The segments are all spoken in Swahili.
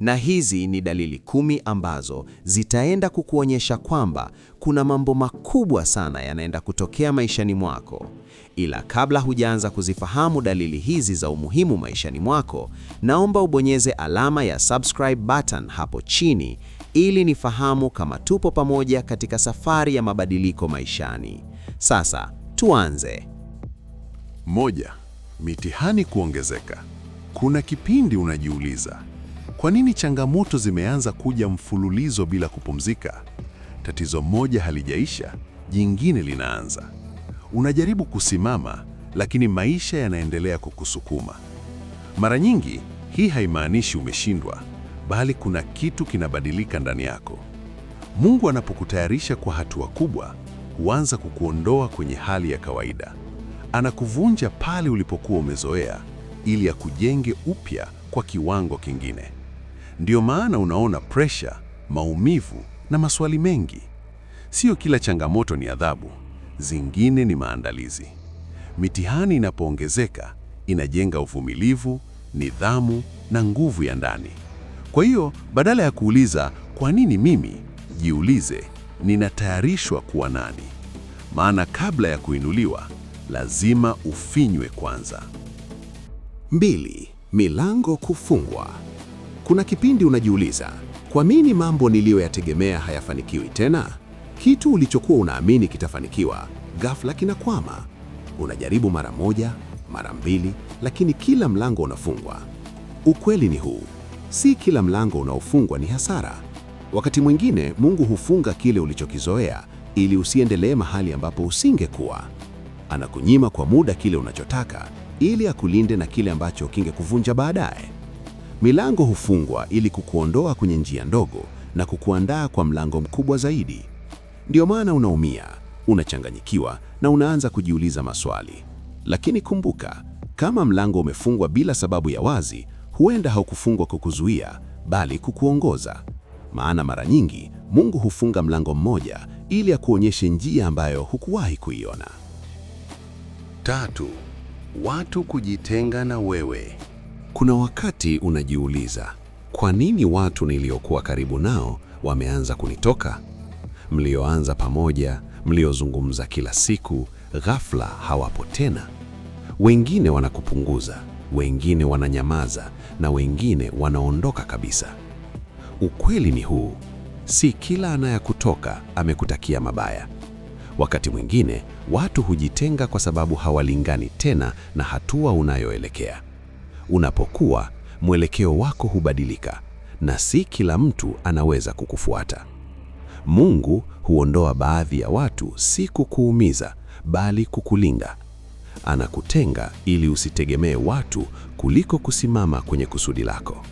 Na hizi ni dalili kumi ambazo zitaenda kukuonyesha kwamba kuna mambo makubwa sana yanaenda kutokea maishani mwako. Ila kabla hujaanza kuzifahamu dalili hizi za umuhimu maishani mwako, naomba ubonyeze alama ya subscribe button hapo chini ili nifahamu kama tupo pamoja katika safari ya mabadiliko maishani. Sasa tuanze. Moja, mitihani kuongezeka. Kuna kipindi unajiuliza kwa nini changamoto zimeanza kuja mfululizo bila kupumzika? Tatizo moja halijaisha, jingine linaanza. Unajaribu kusimama, lakini maisha yanaendelea kukusukuma. Mara nyingi hii haimaanishi umeshindwa, bali kuna kitu kinabadilika ndani yako. Mungu anapokutayarisha kwa hatua kubwa, huanza kukuondoa kwenye hali ya kawaida. Anakuvunja pale ulipokuwa umezoea ili akujenge upya kwa kiwango kingine. Ndiyo maana unaona presha, maumivu na maswali mengi. Sio kila changamoto ni adhabu, zingine ni maandalizi. Mitihani inapoongezeka inajenga uvumilivu, nidhamu na nguvu ya ndani. Kwa hiyo badala ya kuuliza kwa nini mimi, jiulize ninatayarishwa kuwa nani? Maana kabla ya kuinuliwa lazima ufinywe kwanza. Mbili, milango kufungwa. Kuna kipindi unajiuliza, kwa nini mambo niliyoyategemea hayafanikiwi tena? Kitu ulichokuwa unaamini kitafanikiwa, ghafla kinakwama. Unajaribu mara moja, mara mbili, lakini kila mlango unafungwa. Ukweli ni huu, si kila mlango unaofungwa ni hasara. Wakati mwingine Mungu hufunga kile ulichokizoea ili usiendelee mahali ambapo usingekuwa. Anakunyima kwa muda kile unachotaka ili akulinde na kile ambacho kingekuvunja baadaye. Milango hufungwa ili kukuondoa kwenye njia ndogo na kukuandaa kwa mlango mkubwa zaidi. Ndiyo maana unaumia, unachanganyikiwa na unaanza kujiuliza maswali. Lakini kumbuka, kama mlango umefungwa bila sababu ya wazi, huenda haukufungwa kukuzuia, bali kukuongoza. Maana mara nyingi Mungu hufunga mlango mmoja ili akuonyeshe njia ambayo hukuwahi kuiona. Tatu, watu kujitenga na wewe. Kuna wakati unajiuliza, kwa nini watu niliokuwa karibu nao wameanza kunitoka? Mlioanza pamoja, mliozungumza kila siku, ghafla hawapo tena. Wengine wanakupunguza, wengine wananyamaza na wengine wanaondoka kabisa. Ukweli ni huu, si kila anayekutoka amekutakia mabaya. Wakati mwingine watu hujitenga kwa sababu hawalingani tena na hatua unayoelekea. Unapokuwa, mwelekeo wako hubadilika na si kila mtu anaweza kukufuata. Mungu huondoa baadhi ya watu si kukuumiza, bali kukulinda. Anakutenga ili usitegemee watu kuliko kusimama kwenye kusudi lako.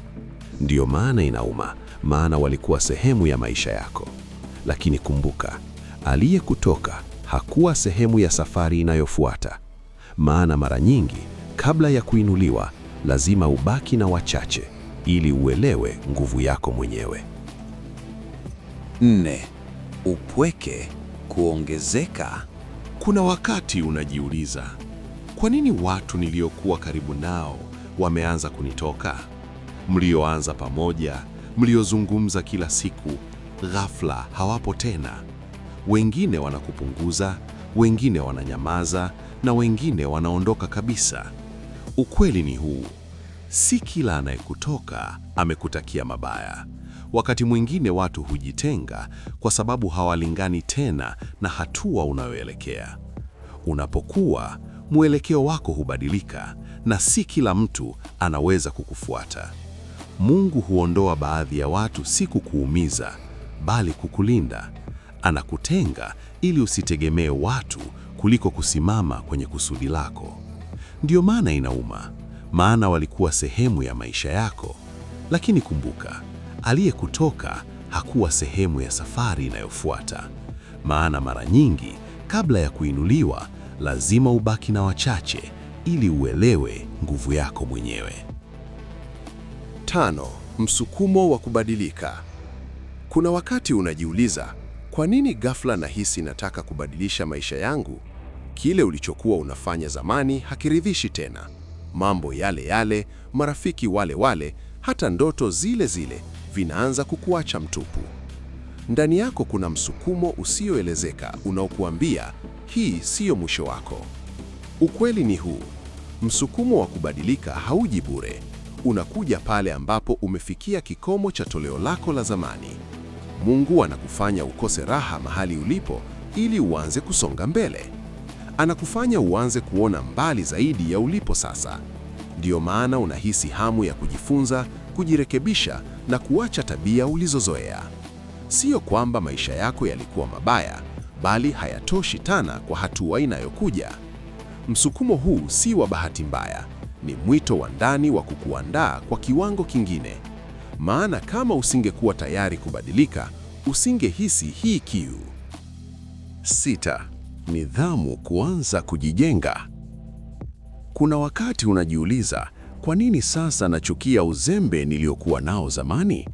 Ndiyo maana inauma, maana walikuwa sehemu ya maisha yako. Lakini kumbuka, aliyekutoka hakuwa sehemu ya safari inayofuata. Maana mara nyingi kabla ya kuinuliwa lazima ubaki na wachache ili uelewe nguvu yako mwenyewe. Nne, upweke kuongezeka. Kuna wakati unajiuliza, kwa nini watu niliokuwa karibu nao wameanza kunitoka? Mlioanza pamoja, mliozungumza kila siku, ghafla hawapo tena. Wengine wanakupunguza, wengine wananyamaza na wengine wanaondoka kabisa. Ukweli ni huu, si kila anayekutoka amekutakia mabaya. Wakati mwingine watu hujitenga kwa sababu hawalingani tena na hatua unayoelekea. Unapokuwa, mwelekeo wako hubadilika na si kila mtu anaweza kukufuata. Mungu huondoa baadhi ya watu si kukuumiza, bali kukulinda. Anakutenga ili usitegemee watu kuliko kusimama kwenye kusudi lako. Ndiyo maana inauma, maana walikuwa sehemu ya maisha yako. Lakini kumbuka, aliyekutoka hakuwa sehemu ya safari inayofuata. Maana mara nyingi kabla ya kuinuliwa, lazima ubaki na wachache ili uelewe nguvu yako mwenyewe. Tano, msukumo wa kubadilika. Kuna wakati unajiuliza, kwa nini ghafla nahisi nataka kubadilisha maisha yangu? Kile ulichokuwa unafanya zamani hakiridhishi tena. Mambo yale yale, marafiki wale wale, hata ndoto zile zile vinaanza kukuacha mtupu. Ndani yako kuna msukumo usioelezeka unaokuambia hii siyo mwisho wako. Ukweli ni huu: msukumo wa kubadilika hauji bure. Unakuja pale ambapo umefikia kikomo cha toleo lako la zamani. Mungu anakufanya ukose raha mahali ulipo ili uanze kusonga mbele anakufanya uanze kuona mbali zaidi ya ulipo sasa. Ndiyo maana unahisi hamu ya kujifunza, kujirekebisha na kuacha tabia ulizozoea. Siyo kwamba maisha yako yalikuwa mabaya, bali hayatoshi tena kwa hatua inayokuja. Msukumo huu si wa bahati mbaya, ni mwito wa ndani wa kukuandaa kwa kiwango kingine. Maana kama usingekuwa tayari kubadilika, usingehisi hii kiu. Sita nidhamu kuanza kujijenga. Kuna wakati unajiuliza, kwa nini sasa nachukia uzembe niliokuwa nao zamani?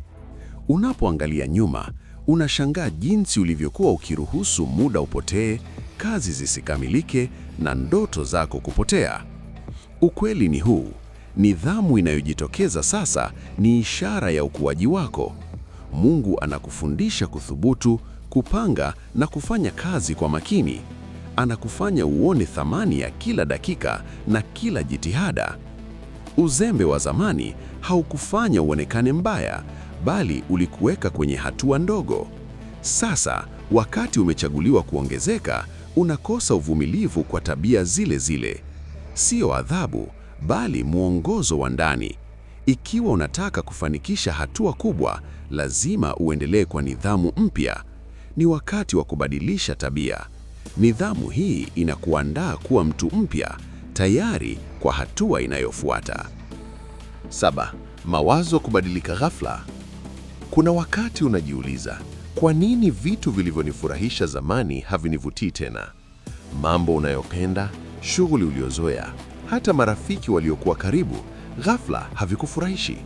Unapoangalia nyuma, unashangaa jinsi ulivyokuwa ukiruhusu muda upotee, kazi zisikamilike na ndoto zako kupotea. Ukweli ni huu. Nidhamu inayojitokeza sasa ni ishara ya ukuaji wako. Mungu anakufundisha kuthubutu, kupanga na kufanya kazi kwa makini anakufanya uone thamani ya kila dakika na kila jitihada. Uzembe wa zamani haukufanya uonekane mbaya, bali ulikuweka kwenye hatua ndogo. Sasa wakati umechaguliwa kuongezeka, unakosa uvumilivu kwa tabia zile zile. Sio adhabu, bali mwongozo wa ndani. Ikiwa unataka kufanikisha hatua kubwa, lazima uendelee kwa nidhamu mpya. Ni wakati wa kubadilisha tabia. Nidhamu hii inakuandaa kuwa mtu mpya tayari kwa hatua inayofuata. Saba, mawazo kubadilika ghafla. Kuna wakati unajiuliza, kwa nini vitu vilivyonifurahisha zamani havinivutii tena? Mambo unayopenda, shughuli uliozoea, hata marafiki waliokuwa karibu, ghafla havikufurahishi.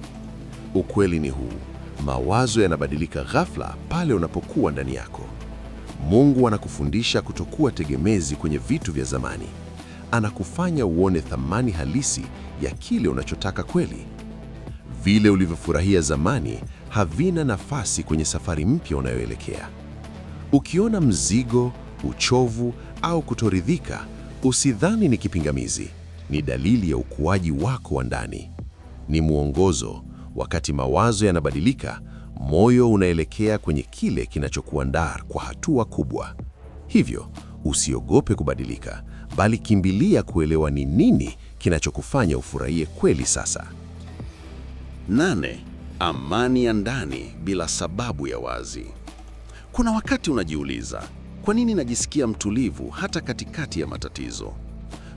Ukweli ni huu, mawazo yanabadilika ghafla pale unapokuwa ndani yako. Mungu anakufundisha kutokuwa tegemezi kwenye vitu vya zamani. Anakufanya uone thamani halisi ya kile unachotaka kweli. Vile ulivyofurahia zamani havina nafasi kwenye safari mpya unayoelekea. Ukiona mzigo, uchovu au kutoridhika, usidhani ni kipingamizi. Ni dalili ya ukuaji wako wa ndani, ni mwongozo. Wakati mawazo yanabadilika, moyo unaelekea kwenye kile kinachokuandaa kwa hatua kubwa. Hivyo usiogope kubadilika, bali kimbilia kuelewa ni nini kinachokufanya ufurahie kweli sasa. Nane, amani ya ndani bila sababu ya wazi. Kuna wakati unajiuliza, kwa nini najisikia mtulivu hata katikati ya matatizo?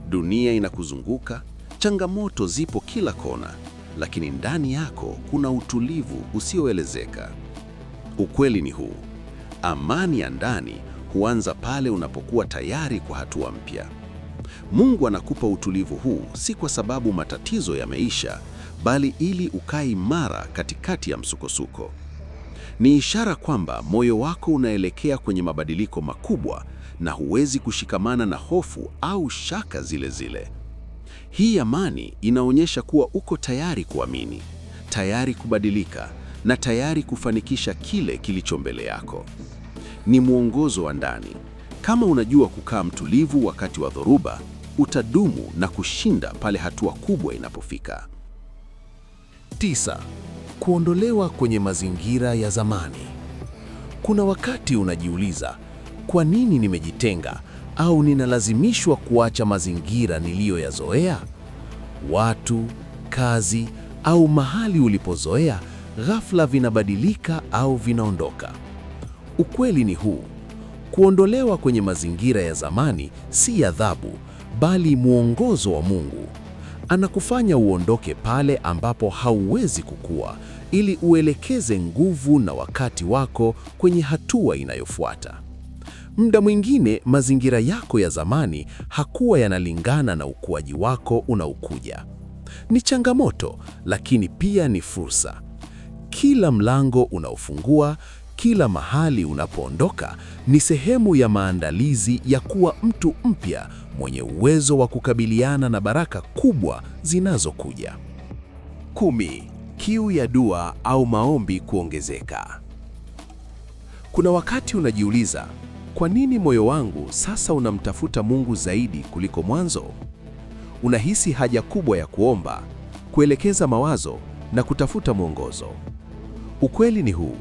Dunia inakuzunguka, changamoto zipo kila kona, lakini ndani yako kuna utulivu usioelezeka. Ukweli ni huu: amani ya ndani huanza pale unapokuwa tayari kwa hatua mpya. Mungu anakupa utulivu huu si kwa sababu matatizo yameisha, bali ili ukae imara katikati ya msukosuko. Ni ishara kwamba moyo wako unaelekea kwenye mabadiliko makubwa na huwezi kushikamana na hofu au shaka zile zile. Hii amani inaonyesha kuwa uko tayari kuamini, tayari kubadilika na tayari kufanikisha kile kilicho mbele yako. Ni mwongozo wa ndani. Kama unajua kukaa mtulivu wakati wa dhoruba, utadumu na kushinda pale hatua kubwa inapofika. Tisa, kuondolewa kwenye mazingira ya zamani. Kuna wakati unajiuliza kwa nini nimejitenga au ninalazimishwa kuacha mazingira niliyoyazoea? Watu, kazi au mahali ulipozoea ghafla vinabadilika au vinaondoka. Ukweli ni huu: kuondolewa kwenye mazingira ya zamani si adhabu, bali mwongozo wa Mungu. Anakufanya uondoke pale ambapo hauwezi kukua, ili uelekeze nguvu na wakati wako kwenye hatua inayofuata. Muda mwingine mazingira yako ya zamani hakuwa yanalingana na ukuaji wako unaokuja. Ni changamoto, lakini pia ni fursa. Kila mlango unaofungua, kila mahali unapoondoka ni sehemu ya maandalizi ya kuwa mtu mpya mwenye uwezo wa kukabiliana na baraka kubwa zinazokuja. Kumi. Kiu ya dua au maombi kuongezeka. Kuna wakati unajiuliza kwa nini moyo wangu sasa unamtafuta Mungu zaidi kuliko mwanzo? Unahisi haja kubwa ya kuomba, kuelekeza mawazo na kutafuta mwongozo. Ukweli ni huu.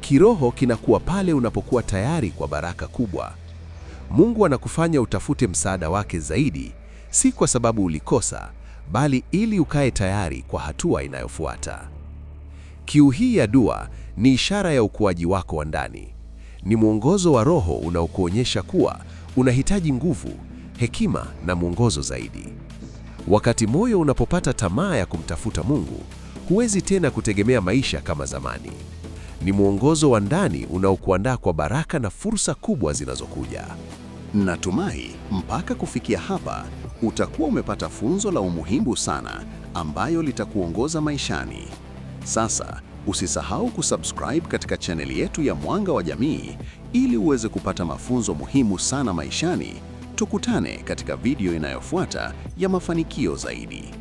Kiroho kinakuwa pale unapokuwa tayari kwa baraka kubwa. Mungu anakufanya utafute msaada wake zaidi, si kwa sababu ulikosa, bali ili ukae tayari kwa hatua inayofuata. Kiu hii ya dua ni ishara ya ukuaji wako wa ndani. Ni mwongozo wa roho unaokuonyesha kuwa unahitaji nguvu, hekima na mwongozo zaidi. Wakati moyo unapopata tamaa ya kumtafuta Mungu, huwezi tena kutegemea maisha kama zamani. Ni mwongozo wa ndani unaokuandaa kwa baraka na fursa kubwa zinazokuja. Natumai mpaka kufikia hapa utakuwa umepata funzo la umuhimu sana ambayo litakuongoza maishani. Sasa Usisahau kusubscribe katika chaneli yetu ya Mwanga wa Jamii ili uweze kupata mafunzo muhimu sana maishani. Tukutane katika video inayofuata ya mafanikio zaidi.